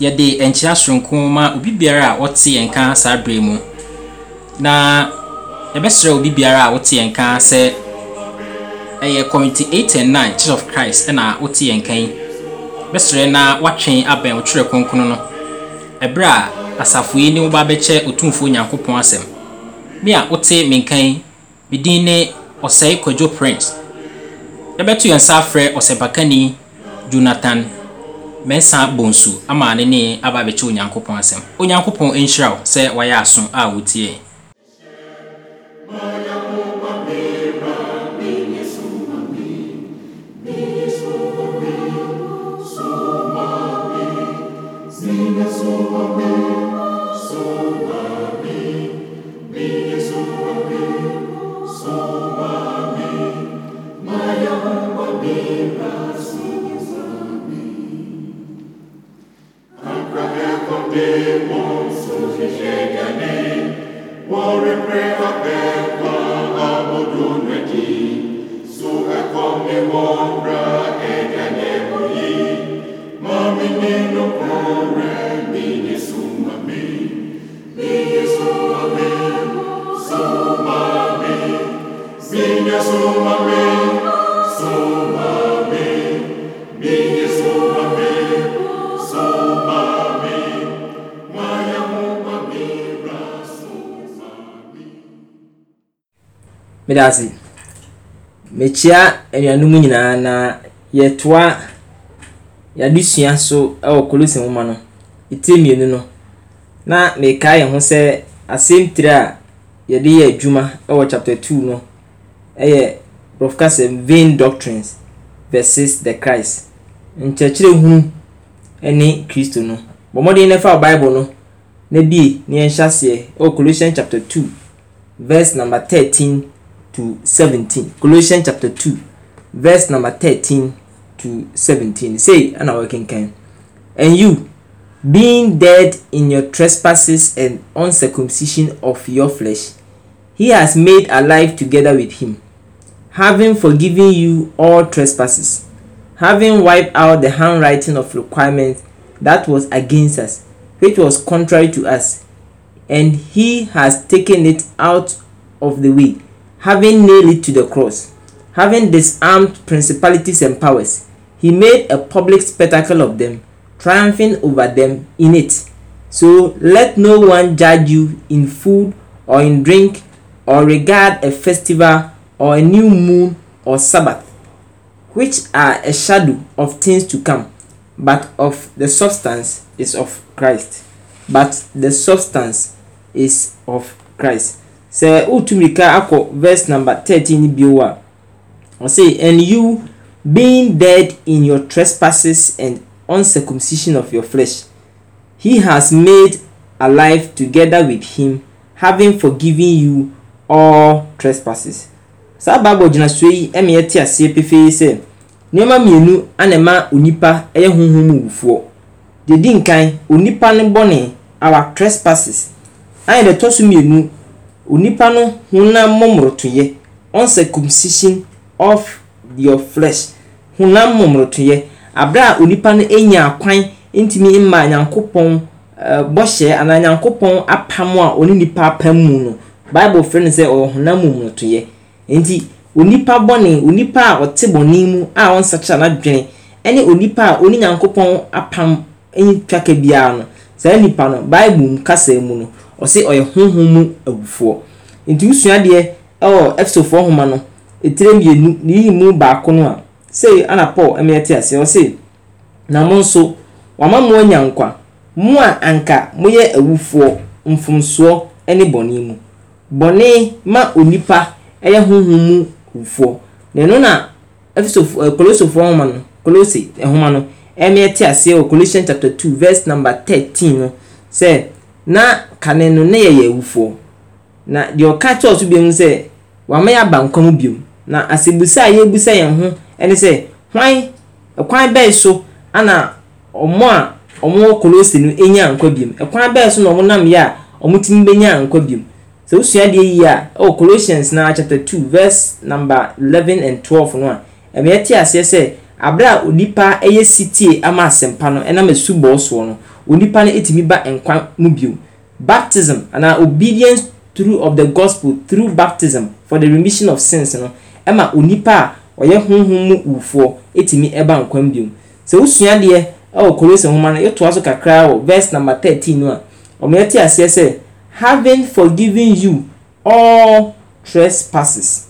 yɛde nkyea soronko ma obi biara a ɔte yɛn ka saa bere mu na yɛbɛsrɛ obi biara a ɔte yɛn ka sɛ ɛyɛ community eight and nine church of christ ɛna ɔte yɛn ka yi bɛsrɛ na woatwe abɛn wo twerɛ kronkron no ɛberɛ a asafo yi ne woba bɛkyɛ otumfuo nyankopɔn asɛm me a wote me nkan ne ɔsɛe kwadwo prince yɛbɛto yɛn nsa afrɛ ɔsɛpakani jonathan mɛnsa bonsu ama ne ne aba bɛkyɛ onyankopɔn asɛm onyankopɔn nhyira wo sɛ wayɛ aso a wotie mede ase mekyia anuanom nyinaa na yɛtoa yɛadesua so wɔ kolosi nwoma no ɛtiri mmienu no na mekae yɛn ho sɛ asɛm tiri a yɛde yɛ adwuma wɔ chapter 2 no ɛyɛ prɔfkasɛm vain doctrines versus the christ nkyerɛkyerɛ hunu ne kristo no bɔ mmɔden no fa bible no na bie na yɛnhyɛ aseɛ wɔ colossian chapter 2 verse number 13 to 17. Colossians chapter 2, verse number 13 to 17. Say, and I can can. And you, being dead in your trespasses and uncircumcision of your flesh, he has made alive together with him, having forgiven you all trespasses, having wiped out the handwriting of requirements that was against us, which was contrary to us, and he has taken it out of the way having nailed it to the cross, having disarmed principalities and powers, he made a public spectacle of them, triumphing over them in it. So let no one judge you in food or in drink, or regard a festival or a new moon or Sabbath, which are a shadow of things to come, but of the substance is of Christ. But the substance is of Christ. sɛ wotu mirika akɔ verse number thirteen bio a ɔse and you being dead in your trespasses and uncircumcision of your flesh he has made alive together with him having forgiven you all trespasses saa bible gyinasuo yi ɛma yɛte aseɛ pefee sɛ nneɛma mmienu ana ɛma onipa ɛyɛ honhom mu wufoɔ deɛ di nkan onipa ne our trespasses ayɛ deɛ ɛtɔ mmienu onipa no honam mmɔmorotoyɛ on circumcision of your flesh honam mmɔmorotoyɛ abere a onipa no anya akwan ntumi mma nyankopɔn eh, bɔhyɛ anaa nyankopɔn apam a ɔne nipa apam mu no bible frɛ no sɛ ɔwɔ honam mmɔmorotoyɛ nti onipa bɔne onipa a ɔte bɔne mu a ɔnsakyera n'adwene ne onipa a ɔne nyankopɔn apam ntwaka eh, biara no saa nipa no bible mu kasa mu no ɔsi ɔyɛ honhom mu awufoɔ nti usua deɛ ɛwɔ ɛfisofoɔ homa no etire mmienu na yiyi mu baako no a sei ana paul ɛmɛ ɛte ase ɔsi na mo nso wama mo anya nkwa mo a anka mo yɛ awufoɔ mfomsoɔ ɛne bɔnne mu bɔnne ma onipa ɛyɛ honhom mu awufoɔ na ɛno na ɛfisofoɔ ɛ eh, kolosofoɔ homa no kolosi ɛhoma eh, no ɛmɛ ɛte ase wɔ Colossians chapter two verse number thirteen no sɛ. na kane no ne yɛyɛ awufoɔ na deɛ ɔka kyɛɛ so biom sɛ wama yɛ aba nkwa mu biom na asɛbusa a yɛbusa yɛn ho ne sɛ hwan ɛkwan bɛn so ana ɔmo a ɔmo kolose no nya nkwa biom ɛkwan bɛn so na ɔmo nam yɛ a ɔmo tumi bɛnya nkwa biom sɛ wosua deɛ yie a ɛwɔ colossians na chapter two verse number eleven and twelve no a ɛmɛ yɛte aseɛ sɛ abere a onipa yɛ sitie ama asɛmpa no ɛnam esubɔɔ soɔ no onipa no tumi ba nkwa mu bio baptism anaa obedience through of the gospel through baptism for the remission of sins no ɛma onipa a ɔyɛ honhom mu wufoɔ tumi ba nkwa mu bio sɛ wosua deɛ ɛwɔ kolosi nhoma no yɛtoa so kakra wɔ verse number thirteen no a wɔn yɛte aseɛ sɛ having forgiven you all trespasses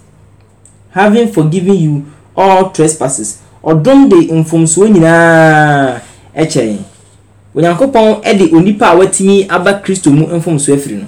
having forgiven you all trespasses ɔdom de mfomsoɔ nyinaa ɛkyɛn onyankopɔn de onipa a watumi aba kristo mu mfomso afiri no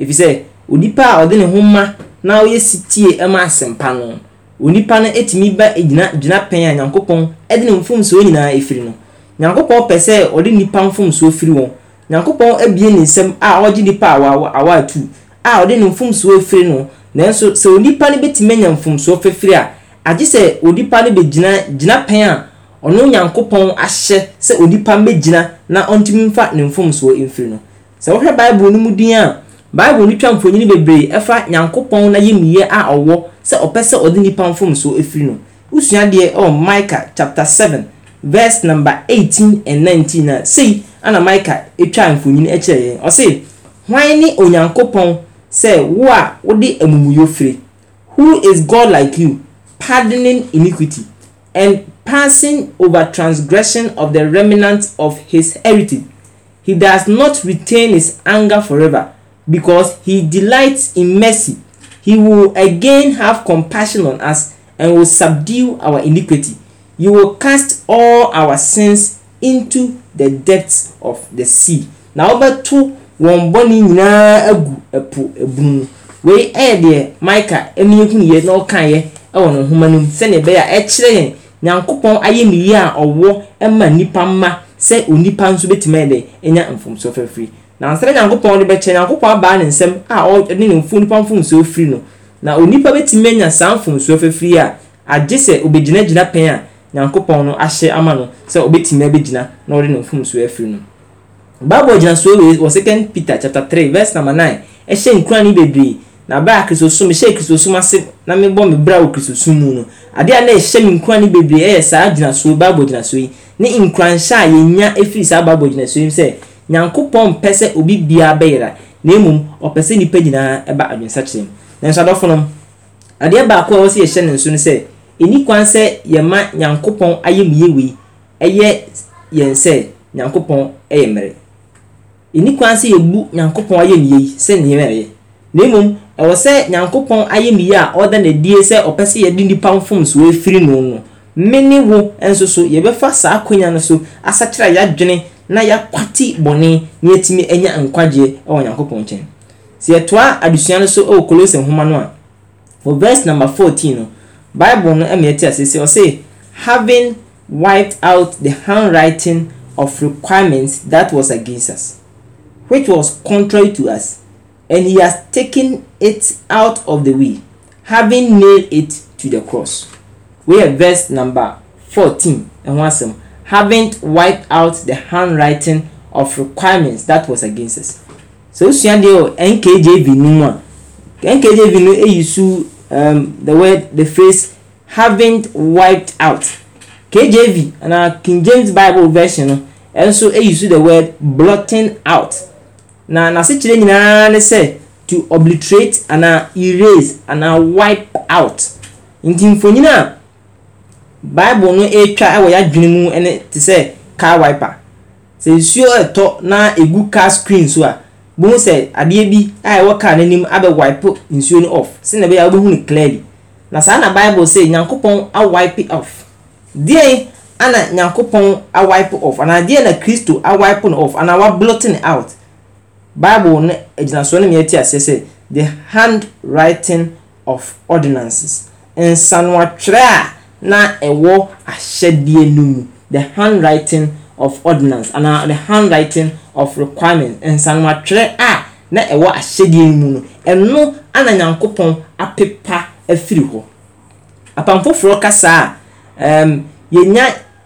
ɛfiri sɛ onipa a ɔde ne ho ma na ɔyɛ sitie ma asɛmpa no onipa no tumi ba gyina gyina pɛn a nyankopɔn de ne mfomsoɔ nyinaa afiri no nyankopɔn pɛ sɛ ɔde nipa mfomsoɔ firi wɔn nyankopɔn abie ne nsɛm a ɔgye nipa awa awa atu a ɔde ne mfomsoɔ afiri no nanso sɛ onipa no bɛtumi anya mfomsoɔ fɛfiri a agye sɛ onipa no bɛgyina gyina pɛn a ɔno nyankopɔn ahyɛ sɛ onipa mmɛgyina na ɔntumi mfa ne mfomsoɔ mfiri no sɛ wohwɛ bible no mu din a bible no twa mfonyini bebree ɛfa nyankopɔn na yɛmuyɛ a ɔwɔ sɛ ɔpɛ sɛ ɔde nipa mfomsoɔ ɛfiri no wosua deɛ ɔwɔ micah chapter 7 verse number 18 and 19 a sei ana micah ɛtwa mfonyini ɛkyerɛ yɛn ɔse hwan ne onyankopɔn sɛ wo a wode amumuyɔfire who is god like you pardoning iniquity and passing over transgression of the remnant of his heritage. He does not retain his anger forever, because he delights in mercy. He will again have compassion on us and will subdue our iniquity. You will cast all our sins into the depths of the sea. Now wobɛto two bɔne nyinaa agu a ebunu a Wei ɛyɛ deɛ Maika ɛne ehunu yɛ na ɔkan yɛ no mu sɛnea ɛbɛyɛ a ɛkyerɛ yɛn nyankopɔn ayɛ ne yie a ɔwɔ ma nipa mma sɛ onipa nso bɛtumi ayɛ dɛ anya mfomsoɔ fafiri na nsɛrɛ nyankopɔn de bɛkyɛ nyankopɔn abaa ne nsɛm a ɔde ne mfo nipa mfomsoɔ firi no na onipa bɛtumi anya saa mfomsoɔ fafiri a agye sɛ obɛgyinagyina pɛn a nyankopɔn no ahyɛ ama no sɛ obɛtumi abɛgyina na ɔde ne mfomsoɔ afiri no bible gyina so wɔ second peter chapter 3 verse number 9 ɛhyɛ nkura ne bebree na baa krisosum hyɛ krisosum ase na mebɔ me bra wɔ krisosum mu no adeɛ a na ɛhyɛ me nkura no bebree ɛyɛ saa gyinasoɔ baabɔ gyinasoɔ yi ne nkuranhyɛ a yɛnya ɛfiri saa baabɔ gyinasoɔ yi sɛ nyankopɔn mpɛ sɛ obi biara bɛyera na mmom ɔpɛ sɛ nnipa nyinaa ɛba adwensakyerɛ mu nanso adɔfonom adeɛ baako a ɛwɔ sɛ yɛhyɛ ne nso no sɛ ɛni kwan sɛ yɛma nyankopɔn ayɛ mu yie wei ɛyɛ yɛn sɛ nyankopɔn ɛyɛ mmerɛ ɛni kwan sɛ yɛbu nyankopɔn ayɛ mu yie sɛ nneɛma ɛyɛ na mmom ɛwɔ sɛ nyankopɔn ayɛ mi yie a ɔda n'adie sɛ ɔpɛ sɛ yɛde nipa mfomsoɔ efiri no no me ne wo nso so yɛbɛfa saa akonnwa no so asakyerɛ yɛadwene na yɛakwate bɔne na yɛatumi anya nkwagyeɛ ɛwɔ nyankopɔn nkyɛn sɛ yɛtoa adesua no so ɛwɔ kolose nhoma no a wɔ verse number fourteen no bible no ɛma yɛte ase sɛ ɔse having wiped out the handwriting of requirements that was against us which was contrary to us and he has taken it out of the way, having nailed it to the cross. We have verse number 14 and one some haven't wiped out the handwriting of requirements that was against us. So Sunday or NKJV NKJV no um the word the phrase haven't wiped out. KJV and our King James Bible version eh, and so eh, see the word blotting out. na n'asekyerɛ nyinaa ne sɛ to obliterate anaa erase anaa wipe out nti mfonyin a bible no etwa ɛwɔ yadwene mu ɛne te sɛ car wiper sɛ nsuo ɛtɔ na egu car screen so a bohu sɛ adeɛ bi a ɛwɔ car n'anim abɛ wipe nsuo no off na bɛyɛ a wobɛhu no clearly na saa na bible sɛ nyankopɔn awipe off deɛ ana nyankopɔn awipe off Ana deɛ na kristo awipe no off Ana wablot blotting out bible no agyinasoɔ no nyɛ ti aseɛ sɛ the hand writing of ordinances nsanuatwerɛ a na ɛwɔ ahyɛdeɛ no mu the hand writing of ordinance anaa the hand writing of requirement nsanuatwerɛ a na ɛwɔ ahyɛdeɛ no mu no ɛno ana nyankopɔn apepa afiri hɔ apan kasa a ɛɛm yɛnya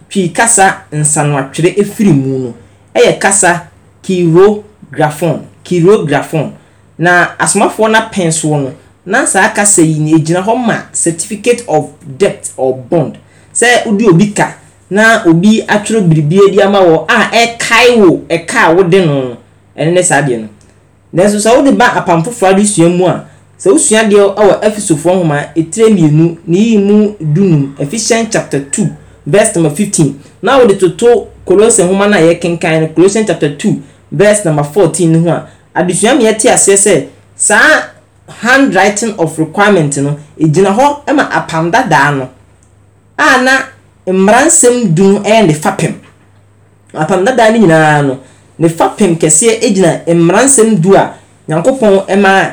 twii kasa nsanuatwerɛ afiri mu no ɛyɛ kasa kiiro. Graphon, chirographon. grafon na asomafoɔ n'apɛn soɔ no na saa kasa yi na egyina hɔ ma certificate of debt or bond sɛ wodi obi ka na obi atwerɛ biribi adi ama wɔ a ɛkae wo ɛka a wode no ɛne ne saa deɛ no nanso sɛ wode ba apam foforɔ ade sua mu a sɛ wosua deɛ ɛwɔ ɛfisofoɔ nhoma etire mmienu ne yi mu dunum efisɛn chapter two verse number fifteen na wode toto kolosɛn nhoma na yɛ kenkan no kolosɛn chapter two verse number fourteen ho a adesua mi yɛte aseɛ sɛ saa handwriting of requirement no egyina hɔ ma apam dadaa no a na mmaransɛm dum yɛ ne fapem apam dadaa no nyinaa no ne fapem kɛseɛ gyina mmaransɛm du a nyankopɔn ma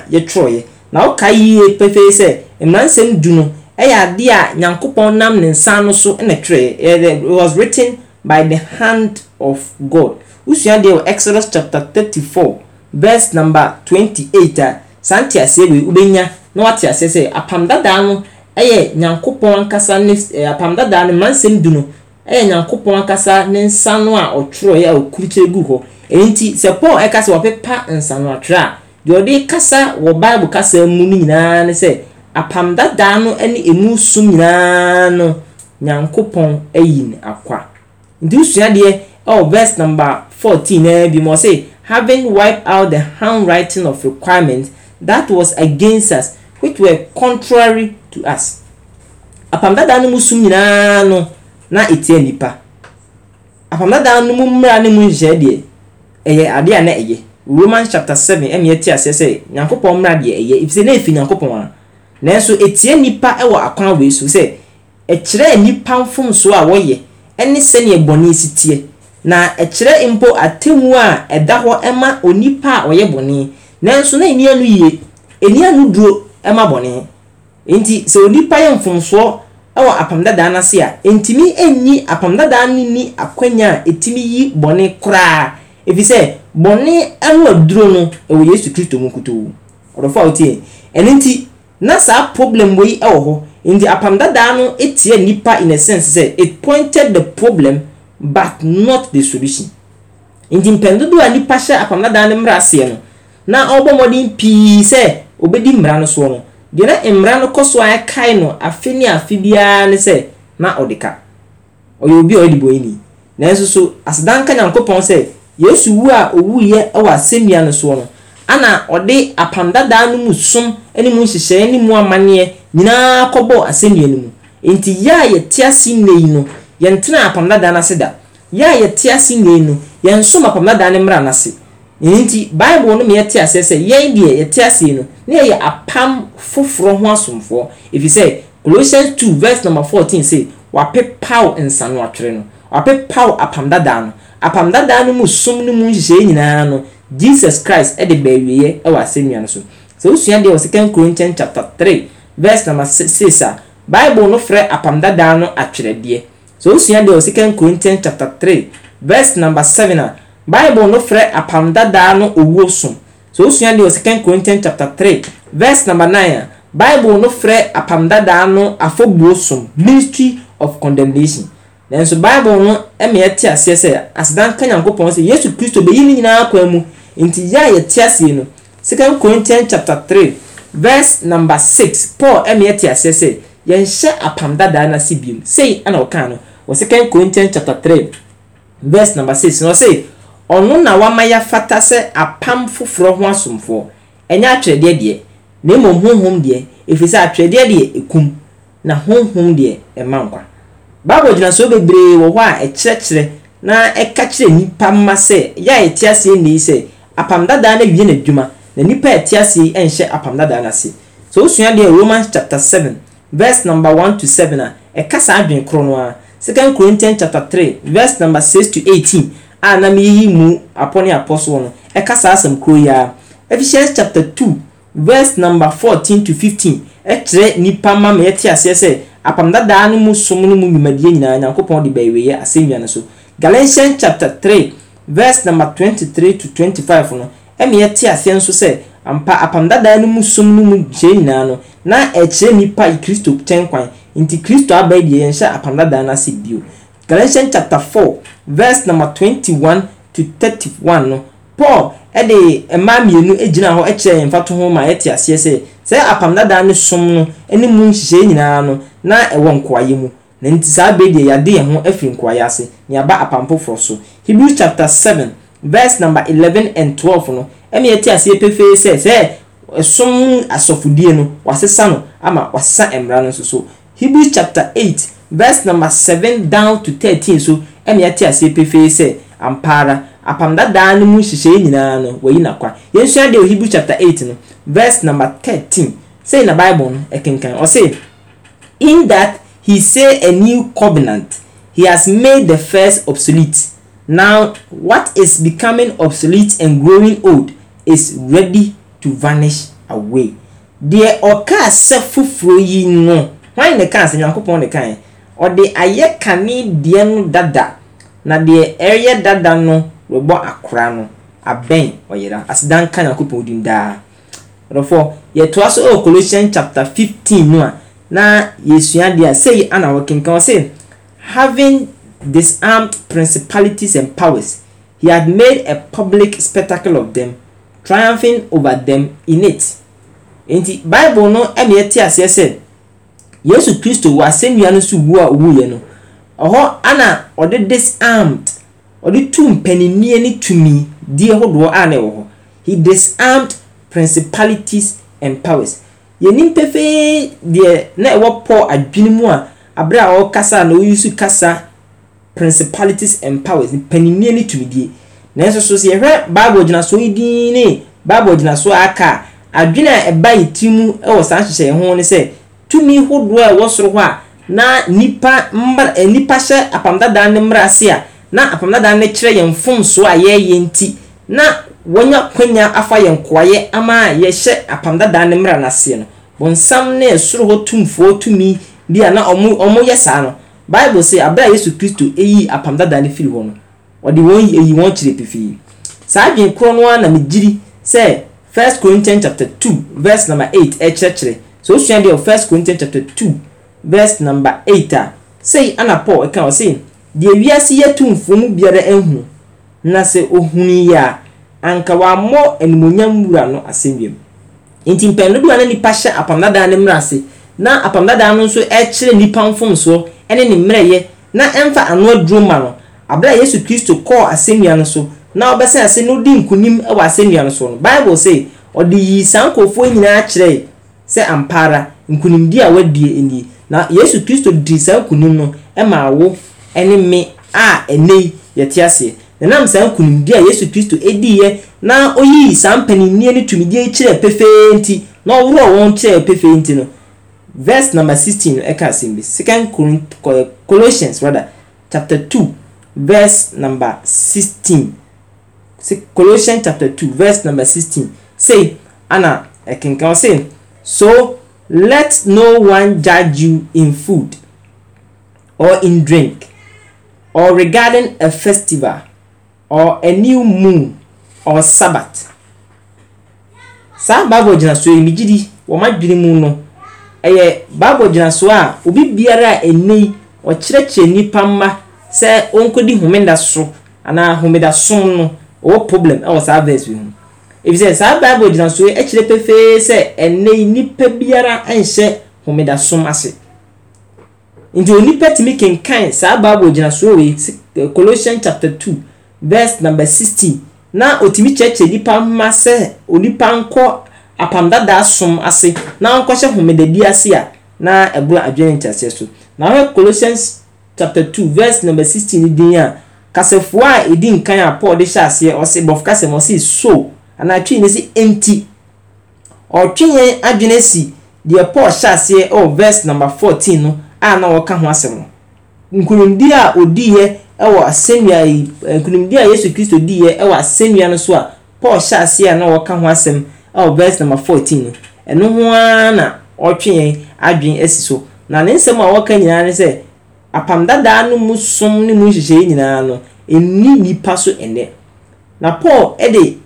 na ɔka yie pefee sɛ mmaransɛm du no yɛ adeɛ a nyankopɔn nam ne nsa no so it was written by the hand of god wosua deɛ wɔ exodus chapter thirty four verse number twenty eight a saa nte aseɛ wei wobɛnya na wate aseɛ sɛ apam dadaa no ɛyɛ nyankopɔn ankasa ne ɛ eh, apam dadaa no mmansɛm du no ɛyɛ nyankopɔn ankasa ne nsa no a ɔtwerɛeɛ a ɔkurukyerɛ gu hɔ ɛnti sɛ paul ɛka sɛ wɔpepa nsanoatwerɛ a deɛ ɔde kasa wɔ bible kasa mu no nyinaa ne sɛ apam dadaa no ne emu sum nyinaa no nyankopɔn ayi no akwa nti wosua oh verse number fourteen, eh, we must say having wiped out the handwriting of requirements that was against us which were contrary to us apamdada no mu sum nyinaa no na ɛtia nipa apamdada no mu mmara no mu nhyɛ deɛ ɛyɛ adeɛ a na ɛyɛ romans chapter seven ɛna ɛte aseɛ sɛ nyankopɔn mmara deɛ ɛyɛ efisɛ na efi nyankopɔn a nanso etie nipa ɛwɔ akwan wei so sɛ ɛkyerɛ nipa mfomsoɔ a wɔyɛ ɛne sɛnea bɔnne si teɛ na ɛkyerɛ mpo atemmu a ɛda hɔ ɛma onipa a ɔyɛ bɔne nanso na enia no yie enia no duro ɛma bɔne nti sɛ onipa yɛ mfomsoɔ ɛwɔ apam dadaa n'ase a ntumi enyi apam dadaa no ni akɔnya a etumi yi bɔne koraa efisɛ bɔne ɛho aduro no ɛwɔ yesu kristo mu kutuu ɔdɔfo a otie ɛne nti na saa problem wei ɛwɔ hɔ nti apam dadaa no etia nipa in a sense sɛ it pointed the problem but not the solution nti mpɛndodo a nipa hyɛ apamnadan ne mmara aseɛ no na ɔbɔ mmɔden pii sɛ obedi mmara no soɔ no deɛ na mmara no kɔ so a ɛkae no afe ne afe biara ne sɛ na ɔde ka ɔyɛ obi a ɔyɛ de bɔyini nanso so asedanka nyankopɔn sɛ yesu wu a owuiɛ wɔ asɛnnua no soɔ no ana ɔde apamdadaa no mu som ne mu nhyehyɛeɛ ne mu amanneɛ nyinaa kɔbɔɔ asɛnnua no mu nti yɛ a yɛte ase nnɛ yi no yɛntena apam dadaa no ase da yɛ a yɛte ase nyɛ no yɛnsom apam dadaa no mmara no ase nti bible no ma yɛte aseɛ sɛ yɛn deɛ yɛte aseɛ no na yɛyɛ apam foforɔ ho asomfoɔ ɛfiri sɛ colossians 2 verse number 14 sɛ wapepaw nsanoatwerɛ no wapepaw apam dadaa no apam dadaa no mu som no mu nhyehyɛe nyinaa no jesus christ de baawieɛ wɔ asɛnnua no so sɛ wosua deɛ wɔ second corinthian chapter 3 verse number 6 a bible no frɛ apam dadaa no atwerɛdeɛ sɛ osua deɛ ɔsi kan Corinthians chapter three verse number seven a ah, bible no frɛ apam dadaa no owuo so sɛ osua deɛ ɔsi kan Corinthians chapter three verse number nine a ah, bible no frɛ apam dadaa no afɔbuo so ministry of condemnation nanso bible no ɛmɛ yɛte aseɛ sɛ asedanka nyankopɔn sɛ yesu kristo bɛyi ne nyinaa kwan mu nti yɛ a yɛte aseɛ no second corinthians chapter three verse number six paul ɛmɛ yɛte aseɛ sɛ yɛnhyɛ apam dadaa no ase biom sei ana ɔka no wɔ second corinthians chapter three verse number six na ɔse ɔno na wama yɛafata sɛ apam foforɔ ho asomfoɔ ɛnyɛ atwerɛdeɛ deɛ na mmom honhom deɛ ɛfiri sɛ atwerɛdeɛ deɛ ɛkum na honhom deɛ ɛma nkwa bible gyinasoɔ bebree wɔ hɔ a ɛkyerɛkyerɛ na ɛka kyerɛ nnipa mma sɛ yɛ a yɛte aseɛ nnei sɛ apam dadaa no awie n'adwuma na nnipa a yɛte aseɛ nhyɛ apam dadaa no ase so wosua deɛ romans chapter seven verse number one to seven a ɛka saa adwene korɔ no a second corinthians chapter three verse number six to eighteen a na meyiyi mu apɔ ne apɔ soɔ no ɛka saa asɛm koro yi a ephesians chapter two verse number fourteen to fifteen ɛkyerɛ nipa ma ma yɛte aseɛ sɛ apam dadaa no mu som no mu dwumadie nyinaa nyankopɔn de bɛyɛwɛyɛ asɛnnua no so galatians chapter three verse number twenty-three to twenty-five no ɛna yɛte aseɛ nso sɛ ampa apam dadaa no mu som no mu kyerɛ nyinaa no na ɛkyerɛ nipa yi kristo kyɛn kwan nti kristo abɛn deɛ yɛn hyɛ apam no ase bio galatians chapter four verse number twenty one to thirty one no paul ɛde mmaa mmienu gyina hɔ kyerɛ yɛn mfa to ho ma yɛte aseɛ sɛ sɛ apam dadaa no som no ne mu nhyehyɛ nyinaa no na ɛwɔ nkoayɛ mu na nti saa bɛɛ deɛ yɛade yɛn ho afiri nkoayɛ ase na yɛaba apam so hebrews chapter seven verse number eleven and twelve no ɛna yɛte aseɛ pefee sɛ sɛ ɛsom asɔfodie no wasesa no ama wasesa mmara no nso so hebrews chapter eight verse number seven down to thirteen so ɛna yɛte aseɛ pefee sɛ ampa ara apam dadaa no mu nhyehyɛeɛ nyinaa no wɔyi n'akwa yɛn nso adeɛ wɔ hebrews chapter eight no verse number thirteen sɛ na bible no ɛkenkan ɔse in that he say a new covenant he has made the first obsolete Now, what is becoming obsolete and growing old is ready to vanish away. Deɛ ɔka asɛ foforɔ yi no, hwan na ka asɛ nyankopɔn na ka yɛ? Ɔde ayɛ kane deɛ no dada, na deɛ ɛyɛ dada no wɔbɔ akora no abɛn ɔyera. Asedan ka nyankopɔn dim daa. Ɔdɔfoɔ, yɛtoa so wɔ Colossians chapter fifteen no a, na yɛsua deɛ a sei ana wɔkenkan sɛ having disarmed principalities and powers. He had made a public spectacle of them, triumphing over them in it. Nti Bible no ɛna yɛte aseɛ sɛ Yesu Kristo wɔ asɛnnua no so wu a owuiɛ no ɔhɔ ana ɔde disarmed ɔde tu mpanyinie ne tumi die hodoɔ a na ɛwɔ hɔ he disarmed principalities and powers yɛnim pefee deɛ na ɛwɔ Paul adwene mu a abere a ɔrekasa na ɔyi so kasa principalities and powers mpanimnie ne tumidie nanso so sɛ yɛhwɛ bible gyina so yi din ne bible gyina so aka adwene a ɛba yɛ ti mu wɔ saa nhyehyɛ ho ne sɛ tumi hodoɔ a ɛwɔ soro hɔ a na nipa mbra eh, nipa hyɛ apamdadaa ne mmra ase a na apamdadaa ne kyerɛ yɛn mfomsoɔ a yɛreyɛ nti na wɔnya kwanya afa yɛn koayɛ ama yɛhyɛ apamdadaa ne mmra n'ase no bɔnsam ne ɛsoro hɔ tumfoɔ tumi bi a na ɔmo ɔmo yɛ saa no bible sɛ abere a yesu kristo eyi apam dada ne firi hɔ no ɔde wɔn eyi wɔn kyerɛ pefee saa adwene korɔ no ara na me sɛ first corinthians chapter two verse number eight ɛkyerɛkyerɛ sɛ o sua deɛ o first corinthians chapter two verse number eight a sei ana paul ɛka ɔse deɛ wiase yɛ tumfoɔ mu biara ehunu na sɛ ohunu yɛ a anka wammɔ animonyam wura no asɛnnwam nti mpɛn dodoɔ na nipa hyɛ apam dada ne mmra ase na apam dada no nso ɛkyerɛ nipa mfomsoɔ ne ne mmerɛyɛ na ɛmfa ano aduro ma no abere yesu kristo kɔɔ asɛnnua no so na ɔbɛsɛn ase no di nkunim wɔ asɛnnua no so no bible sɛ ɔde yii saa nkurɔfoɔ nyinaa kyerɛe sɛ ampa ara nkunimdi a wadie nie na yesu kristo di saa nkunim no ma awo ne me a ɛnɛ yɛte aseɛ nenam saa nkunimdi a yesu kristo diiɛ na ɔyii saa mpaninnie no tumidie kyerɛɛ pefee nti na ɔworɔɔ wɔn kyerɛɛ pefee nti no verse number sixteen ɛka asɛm bi second colossians rather chapter two verse number sixteen colossians chapter two verse number sixteen say ana ɛkenkan say so let no one judge you in food or in drink or regarding a festival or a new moon or sabbath saa bible gyina so yi ne gyi di wɔn adwene mu no ɛyɛ bible gyina so a obi biara a ɛnɛ yi ɔkyerɛkyerɛ nipa mma sɛ ɔnkɔdi homeda so anaa homeda som no ɔwɔ problem ɛwɔ saa verse yi ho efisɛ saa bible gyina so ɛkyerɛ pefee sɛ ɛnɛ yi nipa biara ɛnhyɛ homeda som ase nti onipa tumi kenkan saa bible gyina so wei Colossians chapter two verse number sixteen na otumi kyerɛkyerɛ nipa mma sɛ onipa nkɔ apamdadaa asom ase na nkɔhyɛ homedadi ase a na ɛboa adwene ntaseɛ so na wohwɛ colossians chapter 2 verse number 16 din a kasafoɔ a ɛdi nkan a paul de hyɛ aseɛ ɔse ɔse so anaa ne adwene si deɛ paul hyɛ aseɛ ɛwɔ oh, verse number a na wɔka ho asɛm no nkonimdi a odiiɛ ɛwɔ asɛnnua yi eh, nkonimdi a yesu kristo diiɛ ɛwɔ no so a paul hyɛ aseɛ a na wɔka ho a verse number fourteen ɛno ho ara na ɔtwe yɛn adwene asi so na ne nsɛm a wɔka nyinaa ne sɛ apam dadaa no mu som ne mu nhyehyɛe nyinaa no ɛnni nipa so ɛnɛ na paul ɛde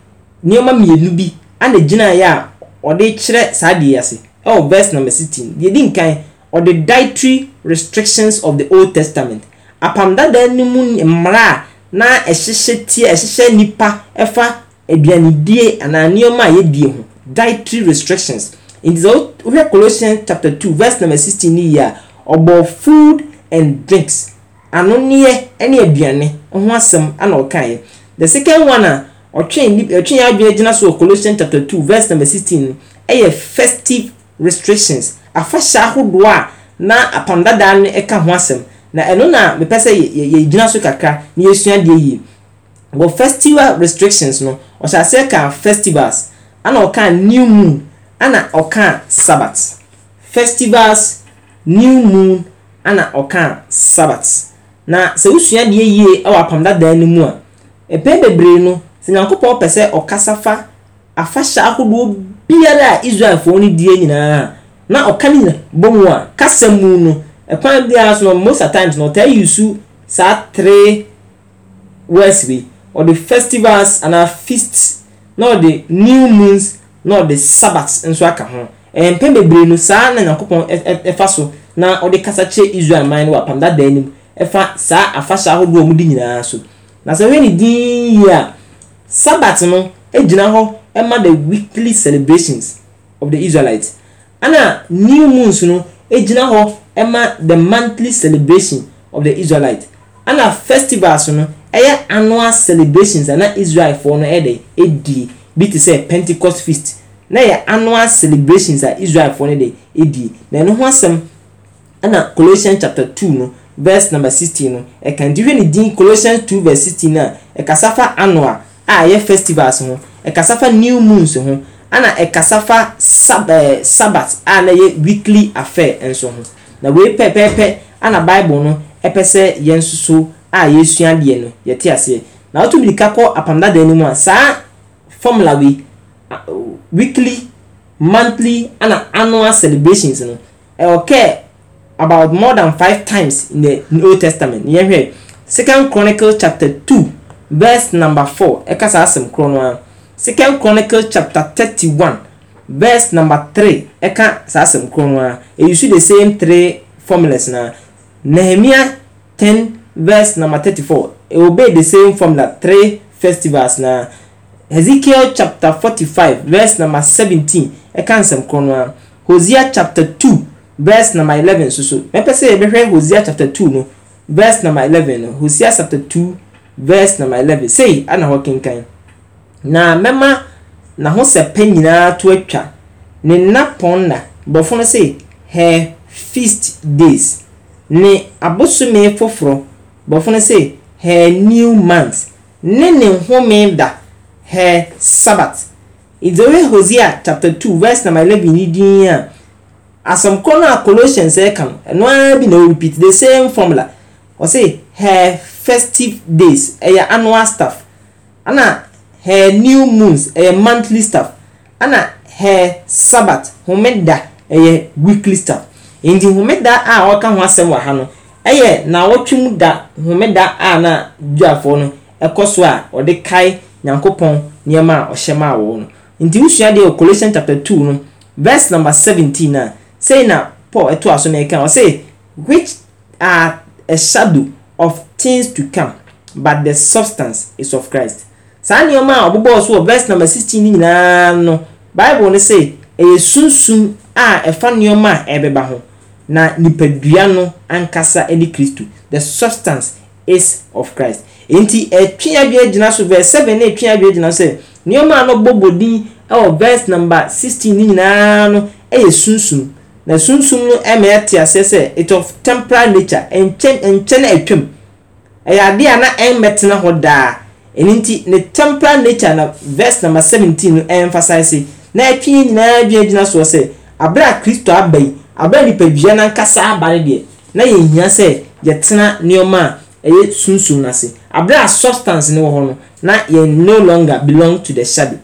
nneɛma mmienu bi ana gyinaeɛ a ɔde kyerɛ saa deɛ ase ɛwɔ verse number sixteen deɛ di nkan ɔde dietary restrictions of the old testament apam dadaa no mu mmara a na ɛhyehyɛ tie ɛhyehyɛ nipa ɛfa aduanedie anaa nneɛma a yɛdie ho dietary restrictions nti sɛ wohwɛ colossians chapter two verse number sixteen ni yia ɔbɔ food and drinks anoneɛ ɛne aduane ho asɛm ana ɔkaeɛ the second one a ɔtwe nip ɔtwe yɛn adwene gyina so wɔ colossians chapter two verse number sixteen ɛyɛ festive restrictions afahyɛ ahodoɔ a na apam dadaa no ɛka ho asɛm na ɛno na mepɛ sɛ yɛ yɛ so kakra na yɛsua deɛ yie wɔ festival restrictions no ɔhyɛ aseɛ kaa festivals ɛna ɔkaa new moon ɛna ɔkaa sabbath festivals new moon ɛna ɔkaa sabbath na sɛ wosua deɛ yie ɛwɔ apam dadaa no mu a ɛpɛn bebree no sɛ nyankopɔn pɛ sɛ ɔkasa fa afahyɛ ahodoɔ biara a israelfoɔ no die nyinaa na ɔka no nyina bɔ a kasa mu no ɛkwan biara so no most of times no ɔtaa yi su saa three words bi or the festivals and anaa feasts not the new moons not the sabbaths nso aka ho mpɛn bebree no saa na nyankopɔn ɛfa so na ɔde kasa kyerɛ israel man no wɔ apam dada anim ɛfa saa afahyɛ ahodoɔ mu di nyinaa so na sɛ wei ne din yie a sabbath no gyina hɔ ɛma the weekly celebrations of the israelites ɛna new moons no gyina hɔ ɛma the monthly celebration of the israelites ɛna festivals no ɛyɛ annual celebrations ana israelfoɔ no ɛde ɛdie bi te sɛ pentecost feast na yɛ annual celebrations a israelfoɔ no de ɛdie na ɛno ho asɛm ɛna Colossians chapter two no verse number sixteen no ɛka e nti hwɛ ne din Colossians two verse sixteen a ɛkasa e fa annual a ɛyɛ festivals ho ɛkasa e fa new moons ho ɛna ɛkasa fa sab ɛɛ eh, Sabbat. a na yɛ weekly affair nso ho na wei pɛpɛɛpɛ ɛna bible no ɛpɛ sɛ yɛn nso so a yɛsua deɛ no yɛte aseɛ na woto mirika kɔ apam dadan no mu a saa formula wei weekly monthly ana annual celebrations no ɛwɔ kɛ about more than five times in the old testament yɛhwɛ second chronicle chapter two verse number four ɛka saa asɛm korɔ no a second chronicle chapter thirty-one verse number three ɛka saa asɛm korɔ no a ɛyusu the same three formulas na Nehemiah ten verse number 34 obey the same formula three festivals na Ezekiel chapter 45 verse number 17 ɛka nsɛm korɔ no a Hosea chapter 2 verse number 11 soso mɛpɛ sɛ yɛbɛhwɛ Hosea chapter 2 no verse number 11 no Hosea chapter 2 verse number 11 sei ana hɔ kenkan na mɛma n'ahosɛpɛ nyinaa to atwa ne nnapɔn na bɔfo no sei her feast days ne abosome foforɔ borɔfo no say her new month ne ne home da her sabbath nti wohwɛ hosea chapter two verse number eleven yi din a asɛmkorɔ no colossians ɛka no ɛno ara bi na repeat the same formula ɔse her festive days ɛyɛ annual stuff ana her new moons ɛyɛ monthly stuff ana her sabbath homeda ɛyɛ weekly stuff nti homeda a ɔka ho asɛm wɔ ha no ɛyɛ naawɔtwem da homeda a na judafoɔ no ɛkɔ so a ɔde kae nyankopɔn nneɛma a ɔhyɛ maa wɔn no nti wosua deɛ wɔ Colossians chapter two no verse number seventeen a sei na Paul ɛto aso na ɛka ɔse which are a shadow of things to come but the substance is of Christ saa nneɛma a ɔbobɔ so wɔ verse number sixteen nyinaa no Bible no sɛ ɛyɛ sunsun a ɛfa nneɛma a ɛbɛba ho. na nipadua no ankasa ne kristo the substance is of christ nti ɛtwe adwene gyina so verse seven na ɛtwe adwene gyina so nneɛma a n'ɔbɔ bɔdin ɛwɔ verse number sixteen ne nyinaa no ɛyɛ sunsun na sunsun no ɛma ɛte aseɛ sɛ it of temporal nature nkyɛn nkyɛn a ɛtwam ɛyɛ adeɛ a na ɛmmɛtena hɔ daa ɛno nti ne temporal nature na verse number seventeen no ɛmfasaize na ɛtwe nyinaa adwene gyina so sɛ abere a kristo aba abere nipadua n'ankasa aba no deɛ na yɛhia sɛ yɛtena nneɛma a ɛyɛ sunsun n'ase abere a substance no wɔ hɔ no na yɛ no longer belong to the shadow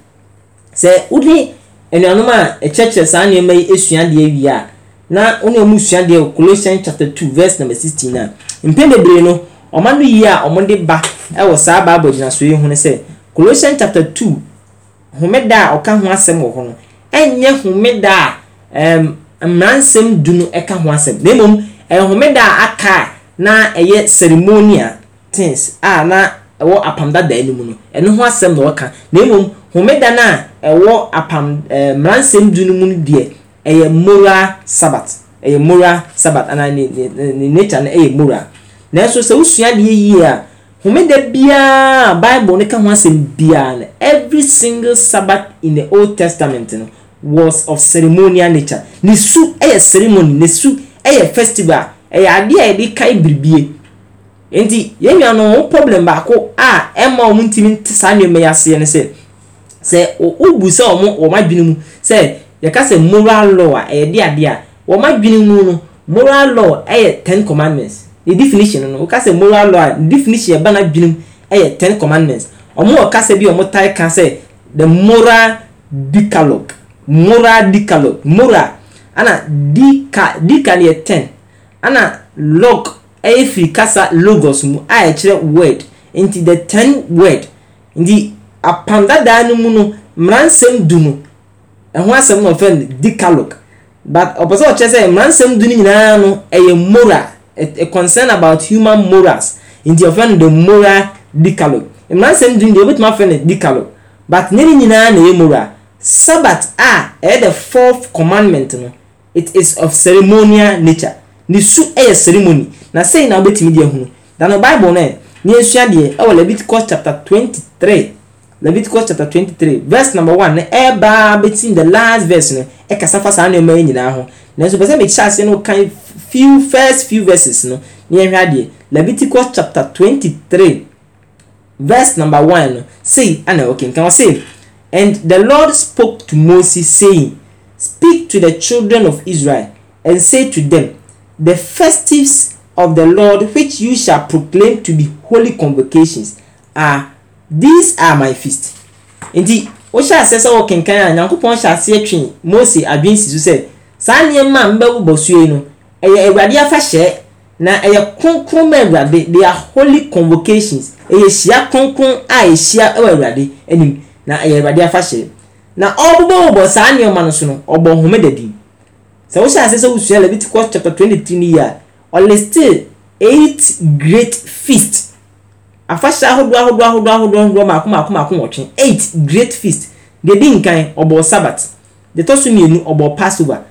sɛ wode anuanom a ɛkyerɛkyerɛ saa nneɛma yi esua deɛ wie a na wɔn a wɔn sua deɛ wɔ Colossians chapter two verse number sixteen na mpɛn bebree no ɔman no yie a wɔn de ba ɛwɔ saa baabɔ gyinasoɔ yi ho no sɛ Colossians chapter two homeda a ɔka ho asɛm wɔ hɔ no ɛnyɛ homeda a ɛɛm. Um, mmaransɛm du no ɛka ho asɛm na mmom ɛyɛ homeda a aka na ɛyɛ ceremonial things a na ɛwɔ apam dada no mu no ɛno ho asɛm na wɔka na mmom homeda no a ɛwɔ apam ɛɛ eh, mmaransɛm du no mu no deɛ ɛyɛ moral sabbat ɛyɛ moral sabbat anaa ne ne ne nature no ɛyɛ moral nanso sɛ wosua deɛ yie a homeda biara bible no ka ho asɛm biara no every single sabat in the old testament no was of ceremonial nature ne su yɛ ceremony ne su yɛ festival ɛyɛ adeɛ a yɛde kae biribie nti yɛn nua no wɔn problem baako a ɛma wɔn ntumi te saa nneɛma yi aseɛ ne sɛ sɛ wobu sɛ wɔn wɔn adwene mu sɛ yɛka sɛ moral law a ɛyɛ de adeɛ a wɔn adwene mu no moral law yɛ ten commandments ne definition no wɔka sɛ moral law a ne definition yɛ ba n'adwene mu yɛ ten commandments wɔn wɔ kasa bi a wɔn tae ka sɛ the moral decalogue mura dikalo mura ana dika dika ne yɛ ten ana log ɛyɛ firi kasa logos mu a yɛkyerɛ e word nti the ten word nti apandadaa no mu no mmaransɛm du no ɛho asɛm na ɔfɛ no dikalog but ɔpɛ sɛ ɔkyerɛ sɛ mmaransɛm du no nyinaa e no e, ɛyɛ moral a concern about human morals nti ɔfɛ no the moral dikalog mmaransɛm du no deɛ obɛtumi afɛ no dikalog but ne ne nyinaa na ɛyɛ moral sabat a ah, ɛyɛ eh, the fourth commandment no it is of ceremonial nature ne su eh, yɛ ceremony na sɛyi na wobɛtumi de ahunu dano bible no ɛ yɛnsua deɛ ɛwɔ eh, leviticus chapter 23 leviticus chapter 23 verse number 1 no ɛbaa bɛtim the last verse no ɛkasa fa saa nneɛma yi nyinaa ho nanso pɛ sɛ mekyerɛ ase no kan few first few verses no na yɛhwɛ adeɛ leviticus chapter 23 verse number 1 no sei ana ah, ɔkenkan wɔ sei And the Lord spoke to Moses, saying, Speak to the children of Israel, and say to them, The festives of the Lord which you shall proclaim to be holy convocations are these are my feasts. Nti wohyɛ aseɛ sɛ wɔkenkan a nyankopɔn hyɛ aseɛ twe mose adwene si so sɛ saa nneɛma a mbɛbobɔ so yi no ɛyɛ awurade afahyɛ na ɛyɛ kronkron ma awurade they are holy convocations ɛyɛ hyia kronkron a ɛhyia wɔ awurade anim na ɛyɛ eh, awurade afahyɛ na ɔbobɔbobɔ saa nneɛma no so no ɔbɔ homeda din sɛ wohyɛ ase sɛ wosua leviticus chapter 23 no yi a ɔliste eight great feast afahyɛ ahodoɔ ahodoɔ ahodoɔ ahodoɔ ahodoɔ mako mako mako wɔtwe eight great feast deɛ di nkan ɔbɔ sabat deɛ tɔ so mmienu ɔbɔ passover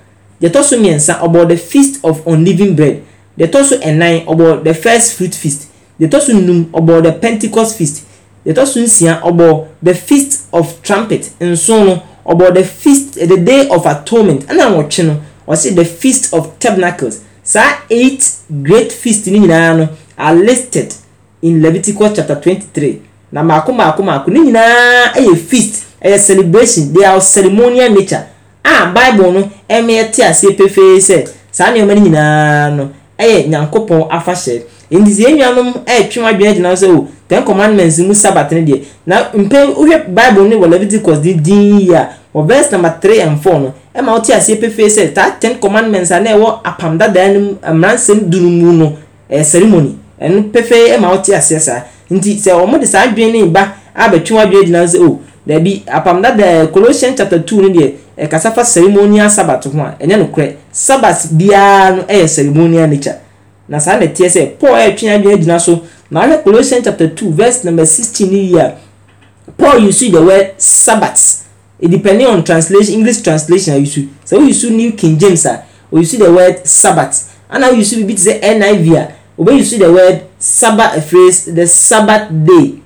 deɛ tɔ so mmiɛnsa ɔbɔ the feast of unleavened bread deɛ tɔ so nnan ɔbɔ the first fruit feast deɛ tɔ so num ɔbɔ the pentecost feast yɛtɔ so nsia ɔbɔ the feast of trumpet nson no ɔbɔ the feast the day of atonement ɛna nwɔtwe no ɔsi the feast of tabernacles saa eight great feasts, ne nyinaa no are listed in leviticus chapter twenty-three na mako mako mako ne nyinaa ɛyɛ feast ɛyɛ celebration they are ceremonial nature a bible no ɛmɛ te aseɛ pefee sɛ saa nneɛma ne nyinaa no ɛyɛ nyankopɔn afahyɛ nti sɛ enuanom ɛretwem adwene gyina sɛ o oh, ten commandments mu sabat ne deɛ na mpɛn wohwɛ bible ne wɔ leviticus de din yi a wɔ verse number three and four no ɛma wote aseɛ pefee sɛ taa ten commandments a na ɛwɔ apam dadaa no mu mmeransɛm dunu mu no ɛɛ ceremony ɛno pefee ɛma wote aseɛ saa nti sɛ wɔn de saa adwene ne ba abɛtwem adwene gyina sɛ o oh, dabi apam dadaa colossian chapter two ne deɛ ɛkasa fa ceremonial sabat ho a ɛnyɛ no korɛ sabat biara no ɛyɛ ceremonial nature na saa na ɛteɛ sɛ paul ɛretwe adwene gyina so na ahwɛ colossians chapter two verse number sixteen yi a paul use the word sabbath it depending on translation english translation a use sɛ o use new king james a o use the word sabbath ana o use bibi te sɛ niv a o bɛ use the word sabbath a phrase the sabbath day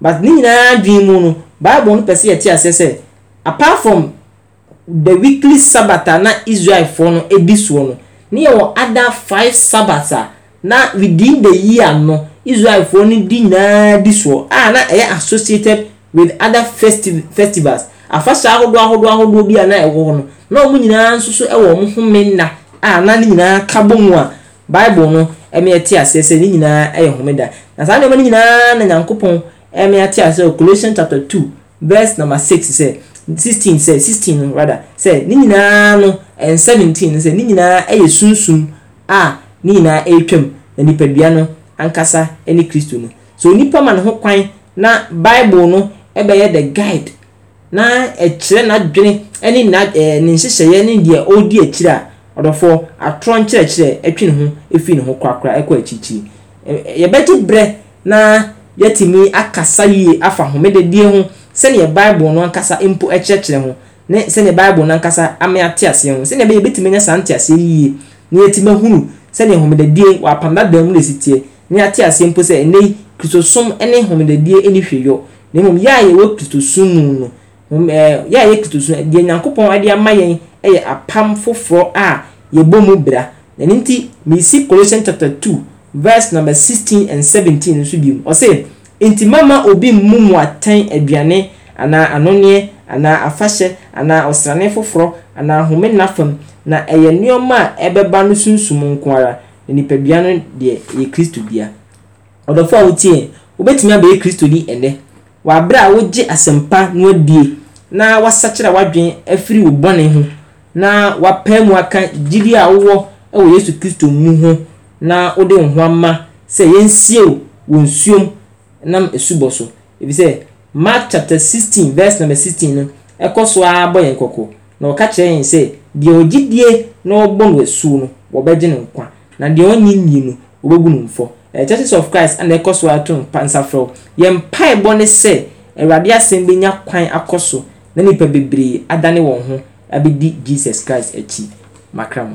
but ne nyinaa adwene mu no bible no pɛ sɛ yɛte aseɛ sɛ apart from the weekly sabbath a na israelfoɔ no edi soɔ no ne yɛwɔ other five sabbaths a na within the year no israelfoɔ no di nyinaa di soɔ a ah, na ɛyɛ associated with other festiv festivals afahyɛ ahodoɔ ahodoɔ ahodoɔ bi a na ɛwɔ hɔ no na wɔn nyinaa nso so ɛwɔ wɔn home nna a na ne nyinaa ka bɔ mu a bible no ɛmɛ ɛte aseɛ sɛ ne nyinaa ɛyɛ homeda na saa nneɛma no nyinaa na nyankopɔn ɛmɛ ɛte aseɛ wɔ Colossians chapter two verse number six sɛ sixteen sɛ sixteen rather sɛ ne nyinaa no and 17 sɛ ne nyinaa yɛ sunsun a ne nyinaa ɛretwam na nipadua no ankasa ne kristo no so onipa ma ne ho kwan na bible no bɛyɛ the guide na ɛkyerɛ n'adwene ne na ɛɛ ne nhyehyɛeɛ ne deɛ ɔredi akyire a ɔdɔfoɔ atorɔ nkyerɛkyerɛ atwi ne ho efi ne ho korakora ɛkɔ akyirikyiri yɛbɛgye brɛ na yɛtumi akasa yie afa homededie ho sɛnea bible no ankasa mpo ɛkyerɛkyerɛ ho. ne sɛdeɛ bible nankasa ama ate aseɛ ho sɛdeɛ ɛbɛyɛ bɛtumi anya saa nteaseɛ yie na yɛtumi ahunu sɛdeɛ homedadie wɔapam dadaa mu na ɛsi ne ate aseɛ mpo sɛ ɛnɛ kristosom ne homedadie ani hweyɔ na mmom yɛ a yɛwɔ kristosom mu no yɛ a yɛ kristosom deɛ nyankopɔn de ama yɛn yɛ apam foforɔ a yɛbɔ mu bra na ne nti mesi colossians chapter two verse number sixteen and seventeen nso bi mu ɔsɛ nti mama obi mmu mu atɛn aduane anaa anoneɛ anaa afahyɛ anaa ɔsrane foforɔ anaa homenna fam na ɛyɛ nneɛma a ɛbɛba no sunsum nko ara na nipadua no deɛ ɛyɛ kristo bia ɔdɔfo a wotie wobɛtumi abɛyɛ kristo ni ɛnɛ wɔ a wogye asɛmpa no adie na wasakyera w'adwene afiri wo bɔne ho na wapaa mu aka gyidi a wowɔ ɛwɔ yesu kristo mu ho na wode wo ama sɛ yɛnsie wo wɔ nsuom nam asubɔ so ɛfiri mark chapter 16 verse number 16 no ɛkɔ so ara bɔ yɛn kɔkɔ na ɔka kyerɛ yɛn sɛ deɛ die na ɔbɔ no nkwa na deɛ ɔnye nie no wɔbɛbu no ɛɛ churches of christ ɛna ɛkɔ so ato mpansafrɔ yɛn mpaebɔ ne sɛ awurade asɛm bɛnya kwan akɔ so na nipa bebree adane wɔn ho abɛdi jesus christ akyi makra